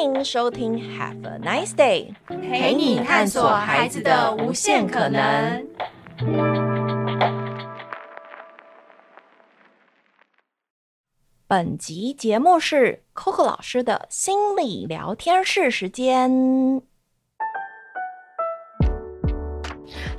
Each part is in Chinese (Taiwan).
歡迎收聽，Have a nice day，陪你探索孩子的無限可能。本集節目是扣扣老師的心理聊天室時間。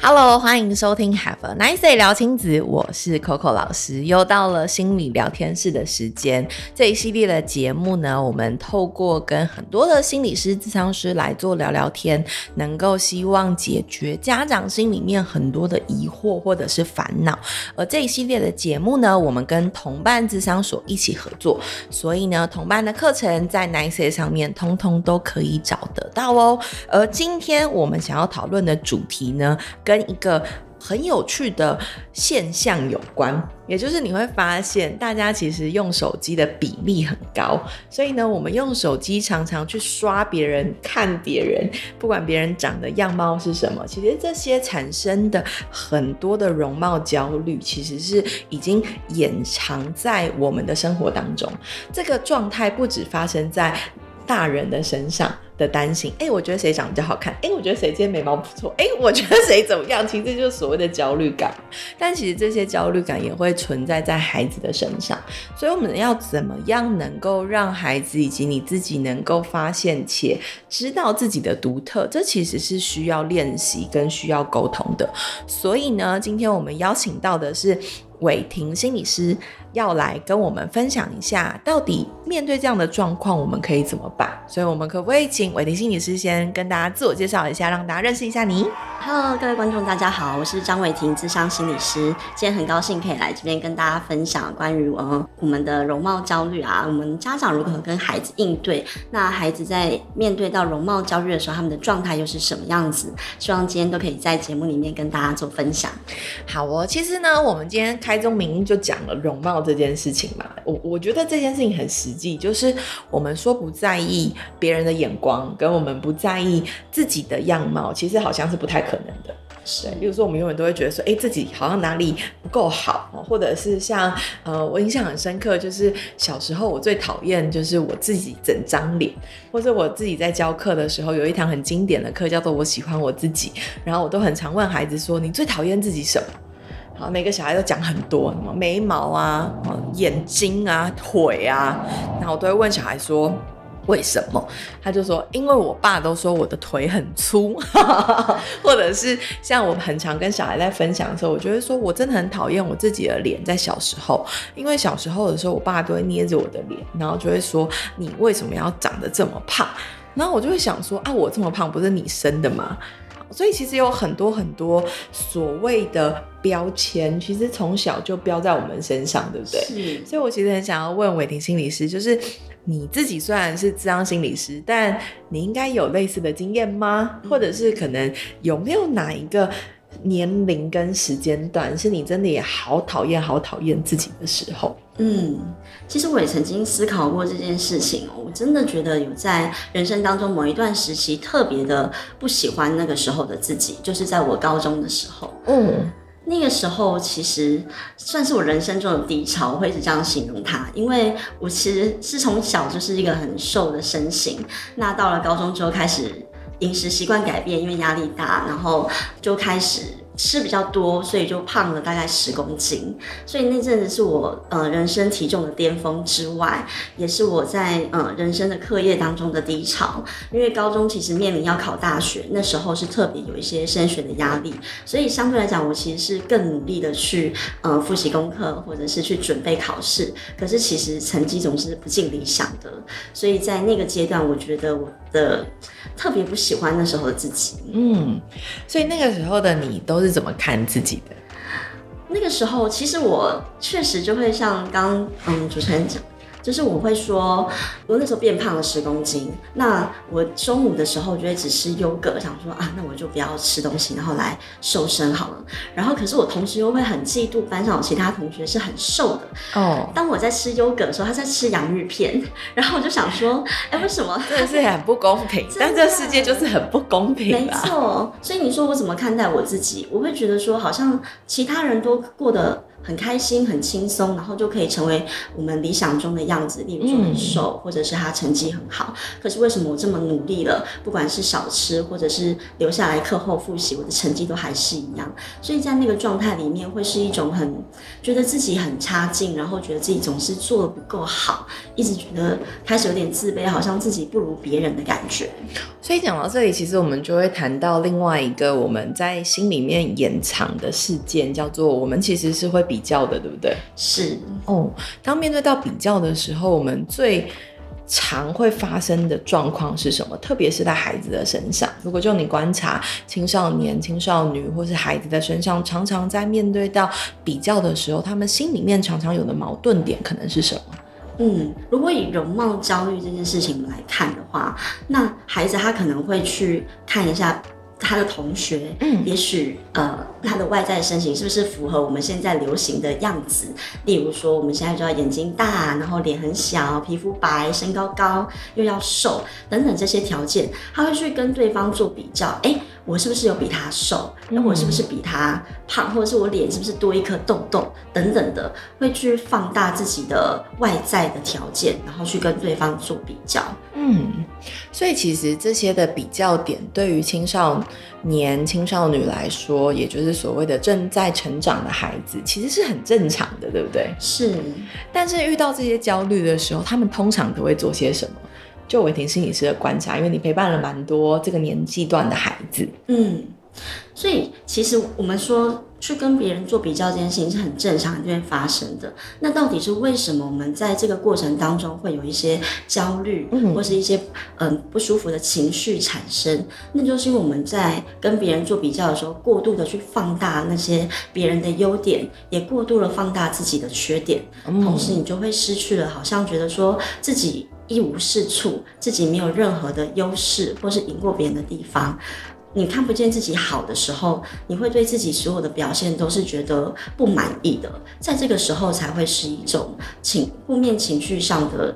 Hello，歡迎收聽 Have a Nice day 聊親子，我是 Coco 老師，又到了心理聊天室的時間。這一系列的節目呢，我們透過跟很多的心理師、諮商師來做聊聊天，能夠希望解決家長心裡面很多的疑惑或者是煩惱。而這一系列的節目呢，我們跟同伴諮商所一起合作，所以呢，同伴的課程在 Niceday 上面通通都可以找得到哦。而今天我們想要討論的主題呢，跟一個很有趣的現象有關，也就是你會發現，大家其實用手機的比例很高，所以呢，我們用手機常常去刷別人、看別人，不管別人長的樣貌是什麼，其實這些產生的很多的容貌焦慮，其實是已經掩藏在我們的生活當中。這個狀態不只發生在。大人的身上的擔心，誒、欸，我覺得誰長得比較好看？誒、欸，我覺得誰今天眉毛不錯？誒、欸，我覺得誰怎麼樣？其實就是所謂的焦慮感，但其實這些焦慮感也會存在在孩子的身上，所以我們要怎麼樣能夠讓孩子以及你自己能夠發現且知道自己的獨特？這其實是需要練習跟需要溝通的。所以呢，今天我們邀請到的是瑋庭心理師。要來跟我們分享一下，到底面對這樣的狀況，我們可以怎麼辦？所以，我們可不可以請瑋庭心理師先跟大家自我介紹一下，讓大家認識一下你？Hello，各位觀眾，大家好，我是張瑋庭，諮商心理師。今天很高興可以來這邊跟大家分享關於呃我，我們的容貌焦慮啊，我們家長如何跟孩子應對，那孩子在面對到容貌焦慮的時候，他們的狀態又是什麼樣子？希望今天都可以在節目裡面跟大家做分享。好哦，其實呢，我們今天開宗明義就講了容貌。這件事情嘛，我我覺得這件事情很實際，就是我們說不在意別人的眼光，跟我們不在意自己的樣貌，其實好像是不太可能的。是，例如說我們永遠都會覺得說，哎、欸，自己好像哪裡不夠好，或者是像呃，我印象很深刻，就是小時候我最討厭就是我自己整張臉，或者我自己在教課的時候，有一堂很經典的課叫做我喜歡我自己，然後我都很常問孩子說，你最討厭自己什麼？啊，每個小孩都講很多，什麼眉毛啊、眼睛啊、腿啊，然後我都會問小孩說：“為什麼？”他就說：“因為我爸都說我的腿很粗。 ”或者是像我很常跟小孩在分享的時候，我就會說我真的很討厭我自己的臉，在小時候，因為小時候的時候，我爸都會捏着我的臉，然後就會說：“你為什麼要長得這麼胖？”然後我就會想說：“啊，我這麼胖，不是你生的嗎？”所以其實有很多很多所謂的標籤，其實從小就標在我們身上，對不對？是。所以我其實很想要問瑋庭心理師，就是你自己雖然是諮商心理師，但你應該有類似的經驗嗎？或者是可能有沒有哪一個年齡跟時間段是你真的也好討厭、好討厭自己的時候？嗯，其實我也曾經思考過這件事情。我真的覺得有在人生當中某一段時期特別的不喜歡那個時候的自己，就是在我高中的時候。嗯，那個時候其實算是我人生中的低潮，我會是這樣形容它。因為我其實是從小就是一個很瘦的身形，那到了高中之後開始飲食習慣改變，因為壓力大，然後就開始，吃比較多，所以就胖了大概十公斤。所以那陣子是我呃人生體重的巔峰之外，也是我在呃人生的課業當中的低潮。因為高中其實面臨要考大學，那時候是特別有一些升學的壓力，所以相對來講，我其實是更努力的去呃複習功課，或者是去準備考試。可是其實成績總是不盡理想的，所以在那個階段，我覺得我。的特別不喜歡那時候的自己，嗯，所以那個時候的你都是怎麼看自己的？那個時候，其實我確實就會像剛剛嗯主持人講。 就是我會說，我那時候變胖了十公斤。那我中午的時候就會只吃優格，想說啊，那我就不要吃東西，然後來瘦身好了。然後，可是我同時又會很嫉妒班上有其他同學是很瘦的。哦。當我在吃優格的時候，他在吃洋芋片，然後我就想說，哎，為什麼？真的是很不公平。哎，但這個世界就是很不公平。沒錯。所以你說我怎麼看待我自己？我會覺得說，好像其他人都過得。很開心，很輕鬆，然後就可以成為我們理想中的樣子，例如很瘦、嗯，或者是他成績很好。可是為什麼我這麼努力了，不管是少吃，或者是留下來課後複習，我的成績都還是一樣？所以在那個狀態裡面，會是一種很覺得自己很差勁，然後覺得自己總是做的不夠好，一直覺得開始有點自卑，好像自己不如別人的感覺。所以講到這裡，其實我們就會談到另外一個我們在心裡面延長的事件，叫做我們其實是會。比較的，對不對？是哦。當面對到比較的時候，我們最常會發生的狀況是什麼？特別是在孩子的身上，如果就你觀察青少年、青少女、或是孩子的身上，常常在面對到比較的時候，他們心裡面常常有的矛盾點可能是什麼？嗯，如果以容貌焦慮這件事情來看的話，那孩子他可能會去看一下。他的同學，嗯，也許呃、，他的外在身形是不是符合我們現在流行的樣子？例如說，我們現在就要眼睛大，然後臉很小，皮膚白，身高高，又要瘦等等這些條件，他會去跟對方做比較，誒、欸我是不是有比他瘦？那我是不是比他胖？或者是我臉是不是多一顆痘痘？等等的，會去放大自己的外在的條件，然後去跟對方做比較。嗯，所以其實這些的比較點，對於青少年、青少女來說，也就是所謂的正在成長的孩子，其實是很正常的，對不對？是。但是遇到這些焦慮的時候，他們通常都會做些什麼？就瑋庭心理師的觀察，因為你陪伴了蠻多這個年紀段的孩子，嗯，所以其實我們說去跟別人做比較這件事情是很正常就會發生的。那到底是為什麼我們在這個過程當中會有一些焦慮，嗯，或是一些嗯、呃、不舒服的情緒產生？那就是因為我們在跟別人做比較的時候，過度的去放大那些別人的優點，也過度的放大自己的缺點，同時你就會失去了好像覺得說自己。一無是處，自己沒有任何的優勢，或是贏過別人的地方。你看不見自己好的時候，你會對自己所有的表現都是覺得不滿意的，在這個時候才會是一種情負面情緒上的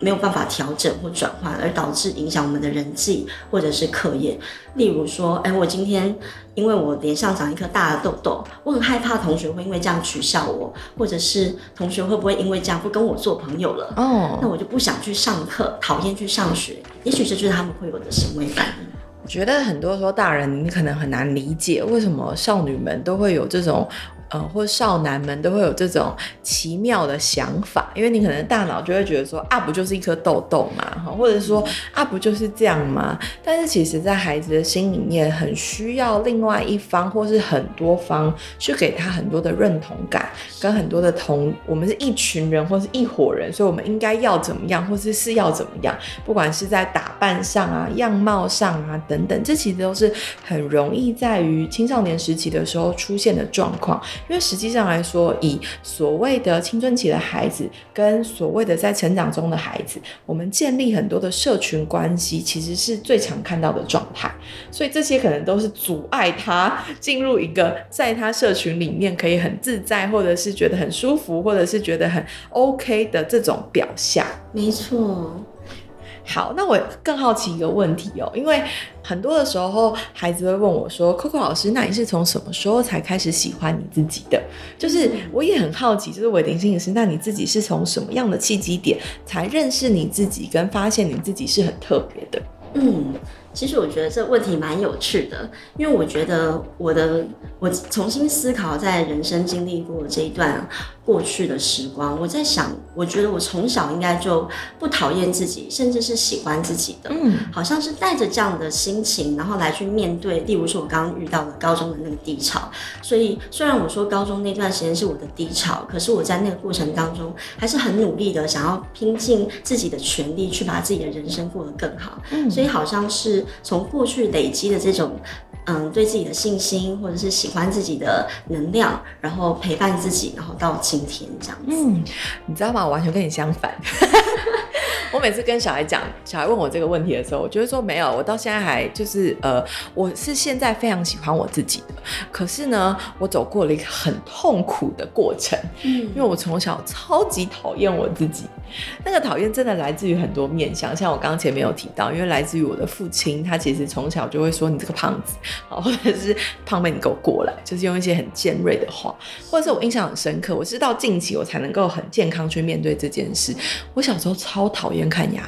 沒有辦法調整或轉換，而導致影響我們的人際或者是課業。例如說，哎，我今天因為我臉上長一顆大的痘痘，我很害怕同學會因為這樣取笑我，或者是同學會不會因為這樣不跟我做朋友了？哦、oh.，那我就不想去上課，討厭去上學。也許這就是他們會有的行為反應。我覺得很多時候，大人，你可能很難理解為什麼少女們都會有這種。嗯，或少男們都會有這種奇妙的想法，因為你可能大腦就會覺得說，啊，不就是一顆痘痘嘛，哈，或者說，啊，不就是這樣嗎？但是其實，在孩子的心裡面，很需要另外一方或是很多方去給他很多的認同感，跟很多的同，我們是一群人或是一夥人，所以我們應該要怎麼樣，或是是要怎麼樣？不管是在打扮上啊、樣貌上啊等等，這其實都是很容易在於青少年時期的時候出現的狀況。因為實際上來說，以所謂的青春期的孩子跟所謂的在成長中的孩子，我們建立很多的社群關係，其實是最常看到的狀態。所以這些可能都是阻礙他進入一個在他社群裡面可以很自在，或者是覺得很舒服，或者是覺得很 OK 的這種表象。沒錯。好，那我更好奇一個問題哦、喔，因為很多的時候孩子會問我說：“Coco 老師，那你是從什麼時候才開始喜歡你自己的？”就是我也很好奇，就是我靈性也是。那你自己是從什麼樣的契機點才認識你自己跟發現你自己是很特別的？嗯。其實我覺得這問題蠻有趣的，因為我覺得我的我重新思考在人生經歷過這一段過去的時光，我在想，我覺得我從小應該就不討厭自己，甚至是喜歡自己的，嗯，好像是帶着這樣的心情，然後來去面對，例如說我剛剛遇到的高中的那個低潮。所以雖然我說高中那段時間是我的低潮，可是我在那個過程當中還是很努力的，想要拼盡自己的全力去把自己的人生過得更好，嗯，所以好像是。從過去累積的這種，嗯，對自己的信心，或者是喜歡自己的能量，然後陪伴自己，然後到今天這樣子。嗯，你知道嗎？我完全跟你相反。 我每次跟小孩講，小孩問我這個問題的時候，我覺得說沒有，我到現在還就是呃，我是現在非常喜歡我自己的。可是呢，我走過了一個很痛苦的過程。嗯，因為我從小超級討厭我自己。那個討厭真的來自於很多面向，像我剛才沒有提到，因為來自於我的父親，他其實從小就會說你這個胖子，啊，或者是胖妹你給我過來，就是用一些很尖銳的話，或者是我印象很深刻，我是到近期我才能夠很健康去面對這件事。我小時候超討厭看牙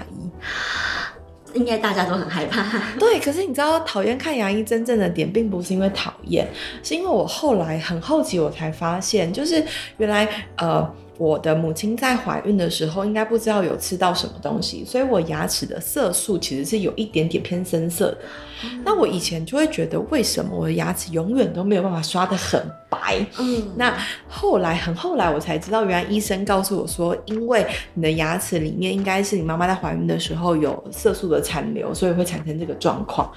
醫，應該大家都很害怕。對，可是你知道討厭看牙醫真正的點，並不是因為討厭，是因為我後來很好奇，我才發現，就是原來呃。我的母親在懷孕的時候，應該不知道有吃到什麼東西，所以我牙齒的色素其實是有一點點偏深色的。那我以前就會覺得，為什麼我的牙齒永遠都沒有辦法刷得很白？嗯，那後來很後來我才知道，原來醫生告訴我說，因為你的牙齒裡面應該是你媽媽在懷孕的時候有色素的殘留，所以會產生這個狀況。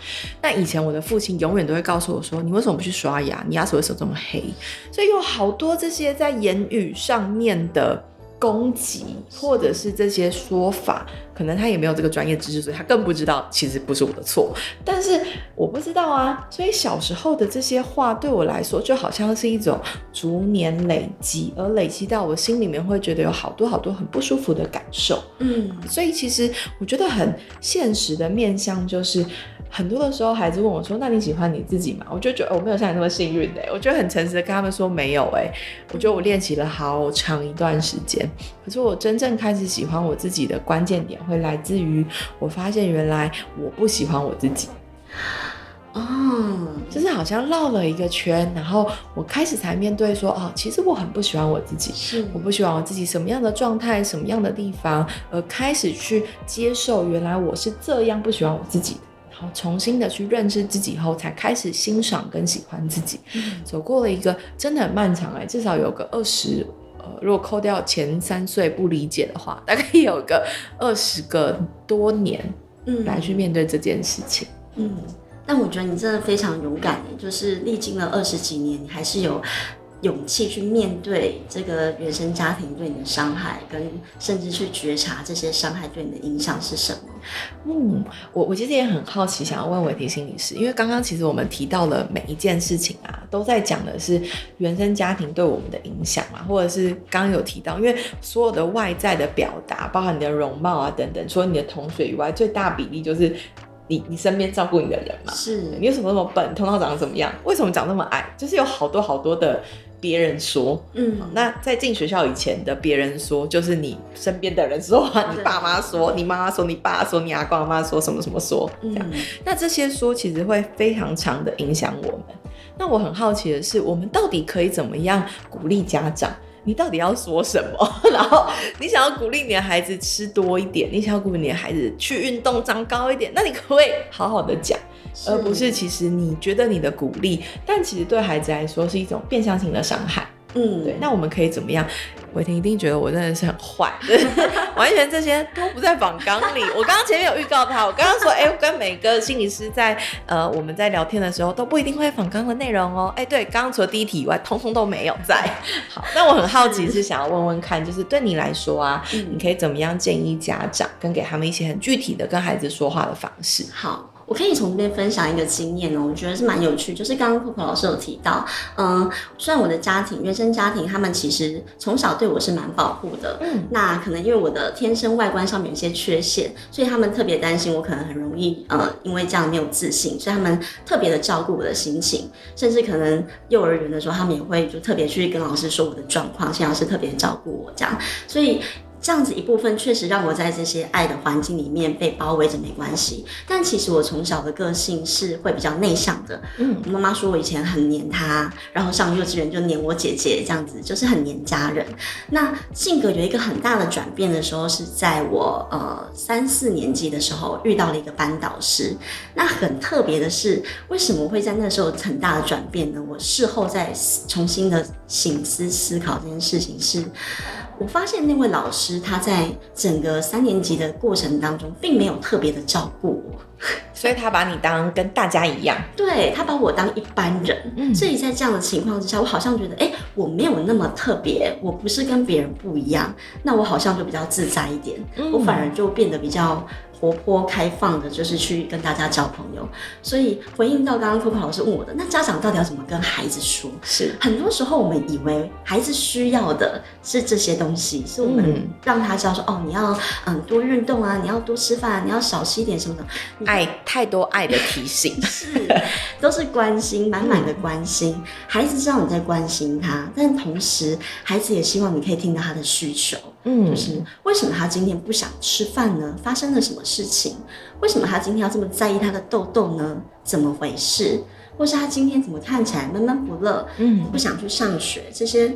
那以前我的父親永遠都會告訴我說，你為什麼不去刷牙？你牙齒為什麼這麼黑？所以有好多這些在言語上面的攻擊，或者是這些說法，可能他也沒有這個專業知識，所以他更不知道其實不是我的錯。但是我不知道啊，所以小時候的這些話對我來說，就好像是一種逐年累積，而累積到我心裡面會覺得有好多好多很不舒服的感受。嗯，所以其實我覺得很現實的面向就是。很多的時候，孩子問我說：“那你喜歡你自己嗎？”我就覺得、哦、我沒有像你那麼幸運哎、欸。我覺得很誠實的跟他們說沒有、欸、我覺得我練習了好長一段時間，可是我真正開始喜歡我自己的關鍵點會來自於我發現原來我不喜歡我自己。啊、哦，就是好像繞了一個圈，然後我開始才面對說：“哦，其實我很不喜歡我自己。”是，我不喜歡我自己什麼樣的狀態，什麼樣的地方，而開始去接受原來我是這樣不喜歡我自己。重新的去認識自己以後，才開始欣賞跟喜歡自己，嗯、走過了一個真的很漫長誒、欸，至少有個二十，呃，如果扣掉前三歲不理解的話，大概有個二十個多年來去面對這件事情。嗯，嗯，但我覺得你真的非常勇敢、欸、就是歷經了二十幾年，你還是有。嗯勇氣去面對這個原生家庭對你的傷害，跟甚至去覺察這些傷害對你的影響是什麼？嗯，我我其實也很好奇，想要問瑋庭心理師，是因為剛剛其實我們提到了每一件事情啊，都在講的是原生家庭對我們的影響嘛、啊，或者是剛剛有提到，因為所有的外在的表達，包含你的容貌啊等等，除了你的同學以外，最大比例就是你你身邊照顧你的人嘛，是你為什麼那麼笨？頭腦長得怎麼樣？為什麼長那麼矮？就是有好多好多的。別人說，嗯，那在進學校以前的別人說，就是你身邊的人說，你爸媽說，你媽媽說，你爸說，你阿公阿媽說什麼什麼說，這樣，嗯。那這些說其實會非常長的影響我們。那我很好奇的是，我們到底可以怎麼樣鼓勵家長？你到底要說什麼？然後你想要鼓勵你的孩子吃多一點，你想要鼓勵你的孩子去運動長高一點，那你可不可以好好的講？而不是，其實你覺得你的鼓勵，但其實對孩子來說是一種變相性的傷害。嗯，對。那我們可以怎麼樣？瑋庭一定覺得我真的是很壞，對， 完全這些都不在訪綱裡。 我剛剛前面有預告他，我剛剛說，哎、欸，我跟每個心理師在呃我們在聊天的時候，都不一定會訪綱的內容哦、喔。哎、欸，對，剛剛除了第一題以外，通通都沒有在。好，那我很好奇，是想要問問看，就是對你來說啊、嗯，你可以怎麼樣建議家長，跟給他們一些很具體的跟孩子說話的方式？好。我可以從這邊分享一個經驗哦、喔，我覺得是蠻有趣，就是剛剛扣扣老師有提到，嗯，雖然我的家庭原生家庭，他們其實從小對我是蠻保護的，嗯，那可能因為我的天生外觀上面有些缺陷，所以他們特別擔心我可能很容易，呃、嗯，因為這樣沒有自信，所以他們特別的照顧我的心情，甚至可能幼兒園的時候，他們也會就特別去跟老師說我的狀況，讓老師特別照顧我這樣，所以。這樣子一部分確實讓我在這些愛的環境裡面被包圍着，沒關係，但其實我從小的個性是會比較內向的。嗯，我媽媽說我以前很黏她，然後上幼稚園就黏我姐姐，這樣子就是很黏家人。那性格有一個很大的轉變的時候是在我呃三四年級的時候遇到了一個班導師。那很特別的是，為什麼會在那時候很大的轉變呢？我事後再重新的省思思考這件事情是。我發現那位老師他在整個三年級的過程當中，並沒有特別的照顧我，所以他把你當跟大家一樣 對，對，他把我當一般人，所以在這樣的情況之下，我好像覺得，哎、欸，我沒有那麼特別，我不是跟別人不一樣，那我好像就比較自在一點，我反而就變得比較。活潑開放的，就是去跟大家交朋友，所以回應到剛剛 Coco 老師問我的，那家長到底要怎麼跟孩子說？是，很多時候我們以為孩子需要的是這些東西，是我們讓他知道說、嗯，哦，你要嗯多運動啊，你要多吃飯啊，你要少吃一點什麼的，愛太多愛的提醒， 是，都是關心，滿滿的關心、嗯，孩子知道你在關心他，但同時孩子也希望你可以聽到他的需求。嗯，就是為什麼他今天不想吃飯呢？發生了什麼事情？為什麼他今天要這麼在意他的痘痘呢？怎麼回事？或是他今天怎麼看起來悶悶不樂？嗯，不想去上學這些。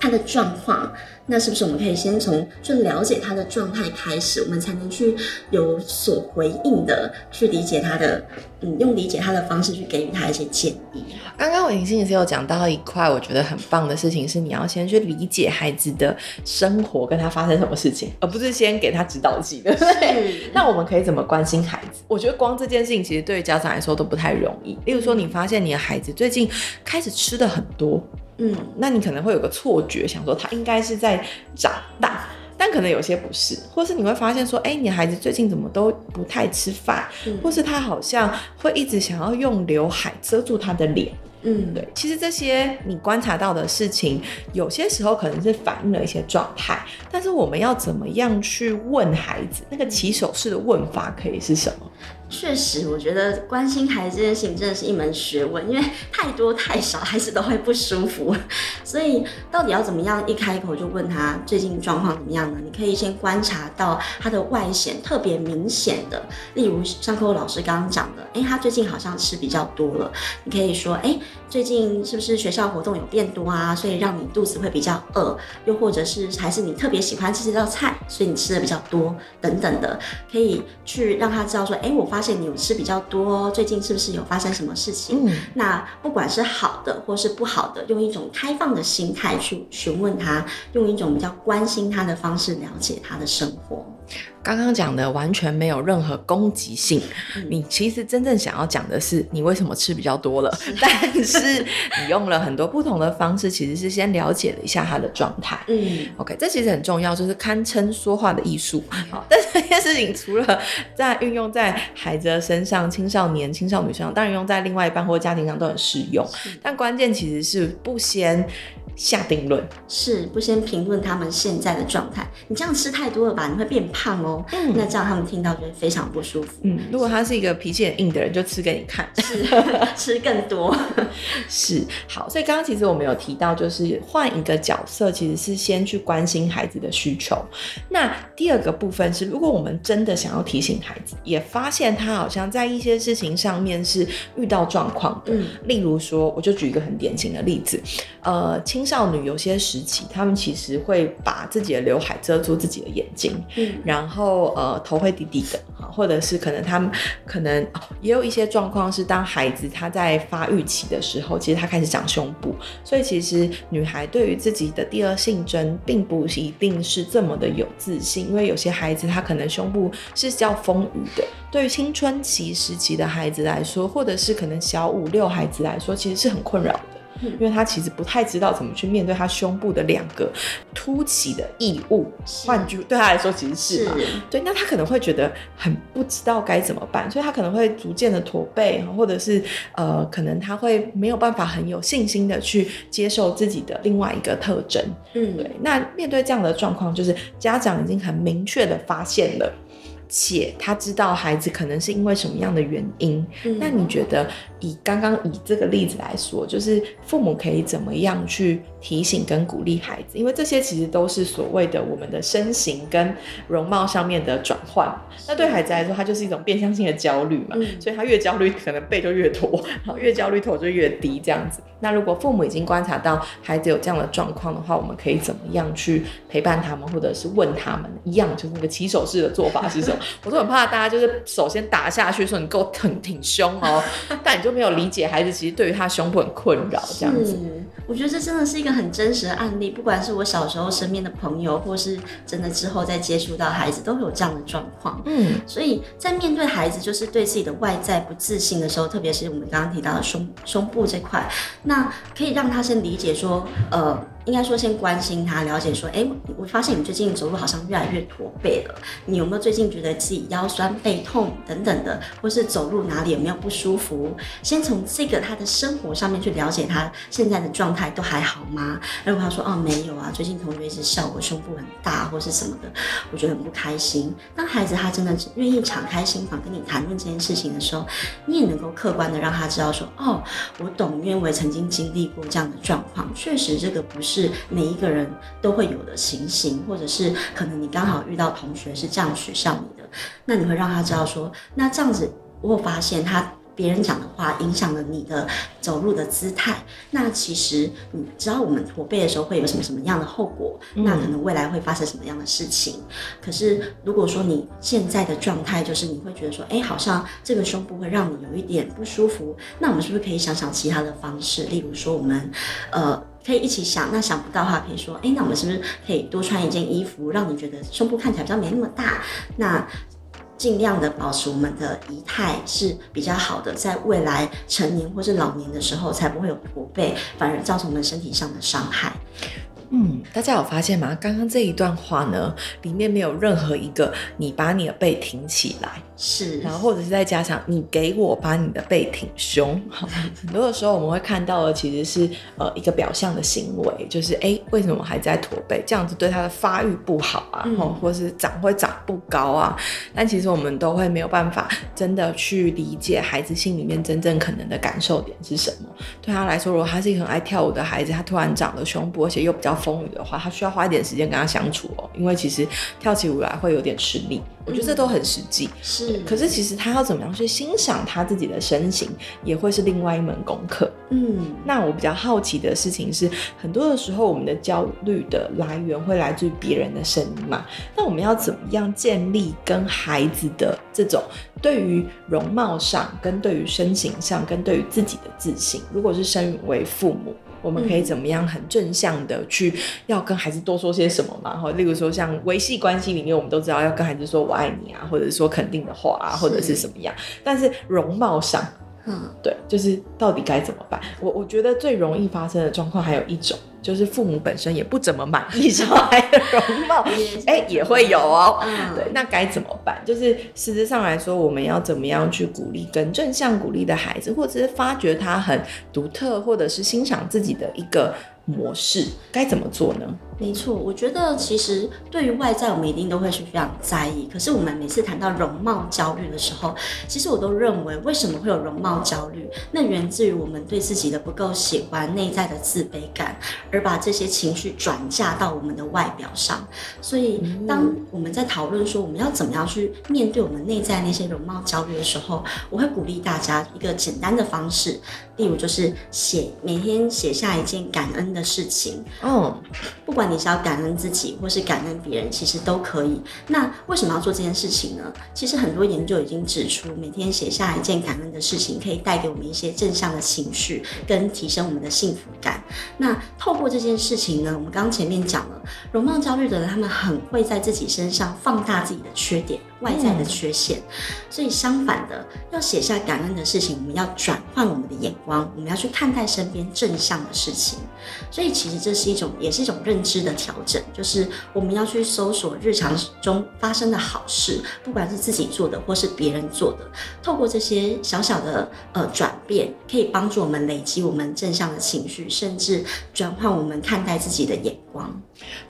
他的狀況，那是不是我們可以先從去了解他的狀態開始，我們才能去有所回應的去理解他的，嗯，用理解他的方式去給予他一些建議。剛剛我林靜也是有講到一塊，我覺得很棒的事情是，你要先去理解孩子的生活，跟他發生什麼事情，而不是先給他指導性的，對不對？那我們可以怎麼關心孩子？我覺得光這件事情其實對於家長來說都不太容易。例如說，你發現你的孩子最近開始吃的很多。嗯，那你可能會有個錯覺，想說他應該是在長大，但可能有些不是，或是你會發現說，誒、欸，你孩子最近怎麼都不太吃飯，嗯，或是他好像會一直想要用劉海遮住他的臉，嗯，對，其實這些你觀察到的事情，有些時候可能是反映了一些狀態，但是我們要怎麼樣去問孩子，那個起手式的問法可以是什麼？確實，我覺得關心孩子這件事情真的是一門學問，因為太多太少孩子都會不舒服。所以到底要怎麼樣？一開口就問他最近狀況怎麼樣呢？你可以先觀察到他的外顯特別明顯的，例如像扣扣老師剛剛講的，哎，他最近好像吃比較多了。你可以說，哎，最近是不是學校活動有變多啊？所以讓你肚子會比較餓，又或者是還是你特別喜歡吃這道菜，所以你吃的比較多等等的，可以去讓他知道說，哎，我發。發現你有吃比較多，最近是不是有發生什麼事情？嗯、那不管是好的或是不好的，用一種開放的心態去詢問他，用一種比較關心他的方式了解他的生活。剛剛講的完全沒有任何攻擊性，嗯，你其實真正想要講的是你為什麼吃比較多了，是但是你用了很多不同的方式，其實是先了解了一下他的狀態。嗯，OK，這其實很重要，就是堪稱說話的藝術。好，嗯，但是這件事情除了在運用在孩子的身上，青少年、青少女身上，當然用在另外一半或家庭上都很適用。但關鍵其實是不先。下定論，是不先評論他們現在的狀態？你這樣吃太多了吧？你會變胖哦。嗯，那這樣他們聽到就會非常不舒服。嗯，如果他是一個脾氣很硬的人，就吃給你看，是 吃更多。是。好，所以剛剛其實我們有提到，就是換一個角色，其實是先去關心孩子的需求。那第二個部分是，如果我們真的想要提醒孩子，也發現他好像在一些事情上面是遇到狀況的。嗯，例如說，我就舉一個很典型的例子，呃，親。少女有些時期，她們其實會把自己的劉海遮住自己的眼睛、嗯，然後呃頭會低低的、啊，或者是可能她們可能、哦、也有一些狀況是，當孩子她在發育期的時候，其實她開始長胸部，所以其實女孩對於自己的第二性徵並不一定是這麼的有自信，因為有些孩子她可能胸部是較豐腴的，對於青春期時期的孩子來說，或者是可能小五六孩子來說，其實是很困擾的。因為他其實不太知道怎麼去面對他胸部的兩個凸起的異物，換句對他來說其實是，是對。那他可能會覺得很不知道該怎麼辦，所以他可能會逐漸的駝背，嗯，或者是呃，可能他會沒有辦法很有信心的去接受自己的另外一個特徵。嗯，對。那面對這樣的狀況，就是家長已經很明確的發現了，且他知道孩子可能是因為什麼樣的原因。嗯，那你覺得？以剛剛以這個例子來說，就是父母可以怎麼樣去提醒跟鼓勵孩子，因為這些其實都是所謂的我們的身形跟容貌上面的轉換。那對孩子來說，他就是一種變相性的焦慮嘛，所以他越焦慮，可能背就越駝，然後越焦慮，頭就越低，這樣子。那如果父母已經觀察到孩子有這樣的狀況的話，我們可以怎麼樣去陪伴他們，或者是問他們，一樣就是那個起手式的做法是什麼？ 我都很怕大家就是首先打下去說你夠挺挺胸哦、喔，但你就。都沒有理解孩子，其實對於他胸部很困擾。這樣子。我覺得這真的是一個很真實的案例。不管是我小時候身邊的朋友，或是真的之後再接觸到孩子，都會有這樣的狀況。嗯，所以在面對孩子就是對自己的外在不自信的時候，特別是我們剛剛提到的胸胸部這塊，那可以讓他先理解說，呃。應該說先關心他，了解說，哎、欸，我發現你最近走路好像越來越駝背了，你有沒有最近覺得自己腰酸背痛等等的，或是走路哪裡有沒有不舒服？先從這個他的生活上面去了解他現在的狀態都還好嗎？如果他說，哦，沒有啊，最近同學一直笑我胸部很大，或是什麼的，我覺得很不開心。當孩子他真的願意敞開心房跟你談論這件事情的時候，你也能夠客觀的讓他知道說，哦，我懂，因為我也曾經經歷過這樣的狀況，確實這個不是。是每一個人都會有的情形，或者是可能你剛好遇到同學是這樣取笑你的，那你會讓他知道說，那這樣子我發現他。別人講的話影響了你的走路的姿態，那其實你知道我們駝背的時候會有什麼什麼樣的後果，嗯？那可能未來會發生什麼樣的事情？可是如果說你現在的狀態就是你會覺得說，哎，好像這個胸部會讓你有一點不舒服，那我們是不是可以想想其他的方式？例如說我們呃可以一起想，那想不到的話可以說，哎，那我們是不是可以多穿一件衣服，讓你覺得胸部看起來比較沒那麼大？那。盡量的保持我們的儀態是比較好的，在未來成年或是老年的時候，才不會有駝背，反而造成我們身體上的傷害。嗯，大家有發現嗎？剛剛這一段話呢，裡面沒有任何一個你把你的背挺起來，是，然後或者是再加上你給我把你的背挺胸。好，很多的時候我們會看到的其實是呃一個表象的行為，就是哎、欸，為什麼我還在駝背？這樣子對他的發育不好啊，或、嗯、或是長會長不高啊。但其實我們都會沒有辦法真的去理解孩子心裡面真正可能的感受點是什麼。對他來說，如果他是一個很愛跳舞的孩子，他突然長了胸部，而且又比較。風雨的話，他需要花一點時間跟他相處哦、喔，因為其實跳起舞來會有點吃力、嗯，我覺得這都很實際。是，可是其實他要怎麼樣去欣賞他自己的身形，也會是另外一門功課。嗯，那我比較好奇的事情是，很多的時候我們的焦慮的來源會來自於別人的聲音嘛？那我們要怎麼樣建立跟孩子的這種對於容貌上、跟對於身形上、跟對於自己的自信？如果是身為父母。我們可以怎麼樣很正向的去要跟孩子多說些什麼嘛？哈，例如說像維繫關係裡面，我們都知道要跟孩子說我愛你啊，或者是說肯定的話啊，或者是什麼樣。但是容貌上。嗯，對，就是到底該怎麼辦？我我覺得最容易發生的狀況還有一種，就是父母本身也不怎麼滿意小孩的容貌，嗯欸，也會有哦。嗯，對，那該怎麼辦？就是實質上來說，我們要怎麼樣去鼓勵跟正向鼓勵的孩子，或者是發掘他很獨特，或者是欣賞自己的一個模式，該怎麼做呢？沒錯，我覺得其實對於外在，我們一定都會是非常在意。可是我們每次談到容貌焦慮的時候，其實我都認為，為什麼會有容貌焦慮？那源自於我們對自己的不夠喜歡，內在的自卑感，而把這些情緒轉嫁到我們的外表上。所以，當我們在討論說我們要怎麼樣去面對我們內在那些容貌焦慮的時候，我會鼓勵大家一個簡單的方式，例如就是寫每天寫下一件感恩的事情。嗯，不管。你是要感恩自己，或是感恩別人，其實都可以。那為什麼要做這件事情呢？其實很多研究已經指出，每天寫下一件感恩的事情，可以帶給我們一些正向的情緒，跟提升我們的幸福感。那透過這件事情呢，我們剛剛前面講了，容貌焦慮的人，他們很會在自己身上放大自己的缺點。嗯、外在的缺陷，所以相反的，要寫下感恩的事情，我們要轉換我們的眼光，我們要去看待身邊正向的事情。所以其實這是一種，也是一種認知的調整，就是我們要去搜索日常中發生的好事，嗯、不管是自己做的或是別人做的，透過這些小小的呃轉變，可以幫助我們累積我們正向的情緒，甚至轉換我們看待自己的眼光。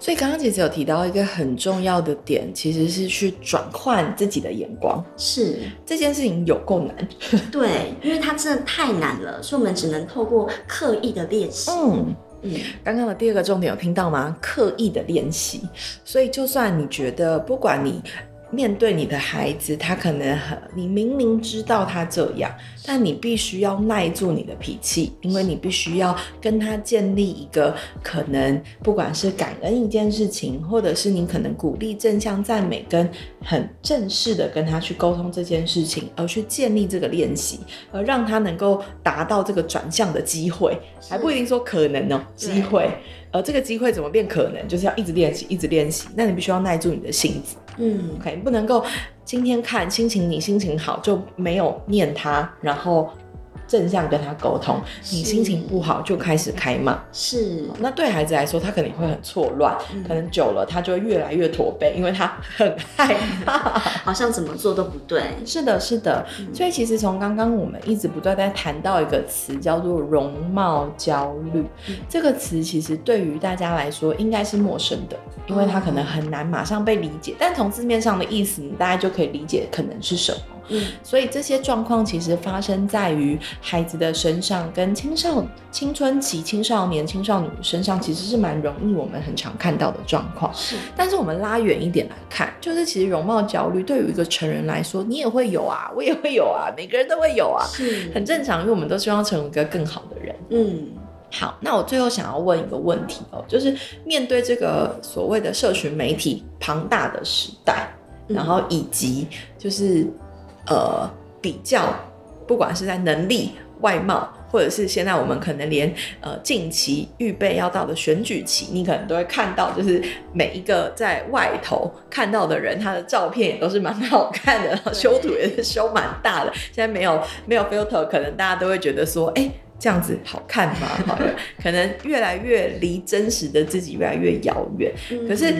所以剛剛其實有提到一個很重要的點，其實是去轉換。自己的眼光，是這件事情有夠難。 對，因為它真的太難了，所以我們只能透過刻意的練習。嗯嗯，剛剛的第二個重點有聽到嗎？刻意的練習，所以就算你覺得，不管你。面對你的孩子，他可能很，你明明知道他這樣，但你必須要耐住你的脾氣，因為你必須要跟他建立一個可能，不管是感恩一件事情，或者是你可能鼓勵正向讚美，跟很正式的跟他去溝通這件事情，而去建立這個練習，而讓他能夠達到這個轉向的機會，還不一定說可能哦，機會。呃，這個機會怎麼變可能？就是要一直練習，一直練習。那你必須要耐住你的性子，嗯，OK，不能夠今天看心情你，你心情好就沒有念它，然後。正向跟他溝通，你心情不好就開始開罵，是。那對孩子來說，他可能會很錯亂，嗯，可能久了他就會越來越駝背，因為他很害怕，好像怎麼做都不對。是的，是的。所以其實從剛剛我們一直不斷在談到一個詞，叫做容貌焦慮，嗯。這個詞其實對於大家來說應該是陌生的，因為它可能很難馬上被理解。但從字面上的意思，你大概就可以理解可能是什麼。嗯，所以這些狀況其實發生在於孩子的身上，跟青少青春期，青少年，青少女身上，其實是蠻容易我們很常看到的狀況。是，但是我們拉遠一點來看，就是其實容貌焦慮對於一個成人來說，你也會有啊，我也會有啊，每個人都會有啊，是很正常，因為我們都希望成為一個更好的人。嗯，好，那我最後想要問一個問題哦，喔，就是面對這個所謂的社群媒體龐大的時代，嗯，然後以及就是。呃，比較不管是在能力、外貌，或者是現在我們可能連呃近期預備要到的選舉期，你可能都會看到，就是每一個在外頭看到的人，他的照片也都是蠻好看的，修圖也是修蠻大的。現在沒有沒有 filter，可能大家都會覺得說，哎、欸，這樣子好看嗎？好的 可能越來越離真實的自己越來越遙遠。嗯、可是。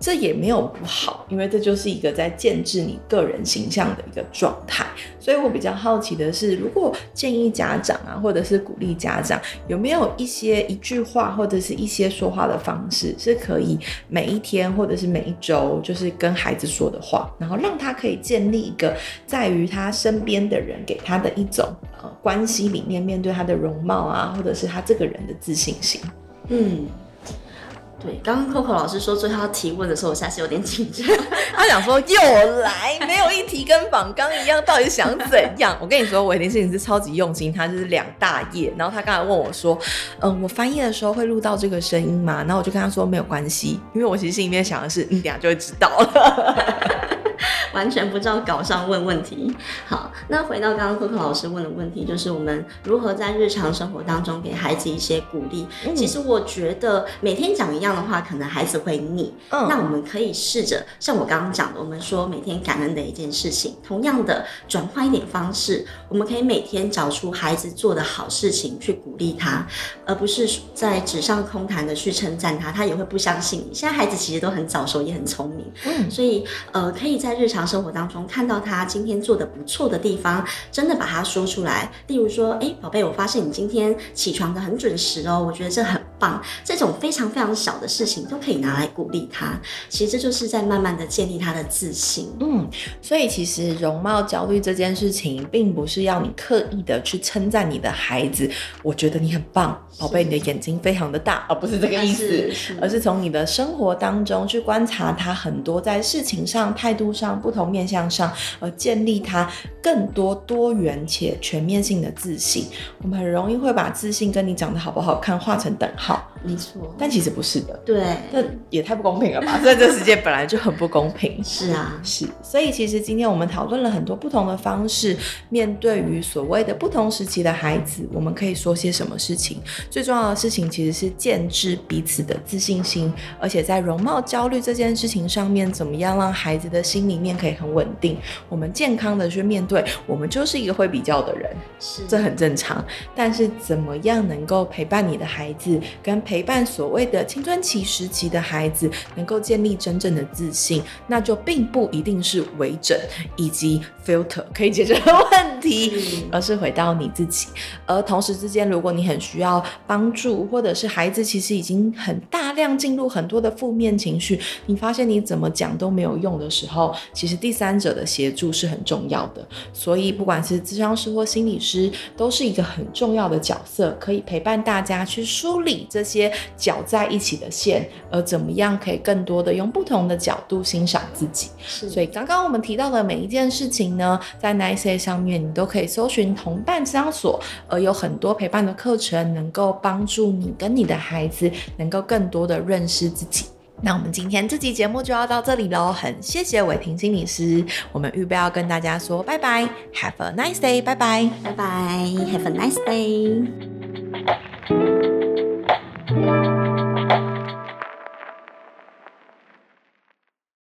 這也沒有不好，因為這就是一個在建制你個人形象的一個狀態。所以我比較好奇的是，如果建議家長啊，或者是鼓勵家長，有沒有一些一句話，或者是一些說話的方式，是可以每一天，或者是每一周，就是跟孩子說的話，然後讓他可以建立一個，在於他身邊的人給他的一種呃關係裡面，面對他的容貌啊，或者是他這個人的自信心。嗯。對，剛剛扣扣老師說最後要提問的時候，我下次有點緊張。 他想說又來，沒有一題跟訪綱一樣，到底想怎樣？我跟你說，我一定是你是超級用心。他就是兩大頁，然後他剛才問我說，嗯，我翻頁的時候會錄到這個聲音嗎？然後我就跟他說沒有關係，因為我其實心裡面想的是你等一下、嗯、就會知道了。 完全不知道搞上問問題。好，那回到剛剛扣扣老師問的問題，就是我們如何在日常生活當中給孩子一些鼓勵、嗯。其實我覺得每天講一樣的話，可能孩子會膩、嗯。那我們可以試着像我剛剛講的，我們說每天感恩的一件事情。同樣的，轉換一點方式，我們可以每天找出孩子做的好事情去鼓勵他，而不是在紙上空談的去稱讚他，他也會不相信你。現在孩子其實都很早熟，也很聰明、嗯。所以呃，可以在日常。生活當中看到他今天做得不錯的地方，真的把它說出來。例如說，哎、欸，寶貝，我發現你今天起床得很準時哦，我覺得這很棒。這種非常非常小的事情都可以拿來鼓勵他。其實這就是在慢慢的建立他的自信。嗯，所以其實容貌焦慮這件事情，並不是要你刻意的去稱讚你的孩子。我覺得你很棒，寶貝，你的眼睛非常的大。而、哦、不是這個意思，是是而是從你的生活當中去觀察他很多在事情上、態、嗯、度上，不同面向上，而建立他更多多元且全面性的自信。我們很容易會把自信跟你長得好不好看畫成等號。沒錯，但其實不是的。對，這也太不公平了吧？所以這世界本來就很不公平。 是啊，是。所以其實今天我們討論了很多不同的方式，面對於所謂的不同時期的孩子，我們可以說些什麼事情？最重要的事情其實是建置彼此的自信心，而且在容貌焦慮這件事情上面，怎麼樣讓孩子的心裡面可以很穩定？我們健康的去面對，我們就是一個會比較的人，是這很正常。但是怎麼樣能夠陪伴你的孩子跟？陪伴所謂的青春期時期的孩子，能夠建立真正的自信，那就並不一定是微整以及 filter 可以解決的問題，而是回到你自己。而同時之間，如果你很需要幫助，或者是孩子其實已經很大。這樣進入很多的負面情緒，你發現你怎麼講都沒有用的時候，其實第三者的協助是很重要的。所以不管是諮商師或心理師，都是一個很重要的角色，可以陪伴大家去梳理這些攪在一起的線，而怎麼樣可以更多的用不同的角度欣賞自己。所以剛剛我們提到的每一件事情呢，在 NICE 上面你都可以搜尋同伴諮商所，而有很多陪伴的課程能夠幫助你跟你的孩子能夠更多的認識自己。那我們今天這集節目就要到這裡嘍，很謝謝瑋庭心理師。我們預備要跟大家說拜拜，Have a nice day，bye bye 拜拜，拜拜，Have a nice day。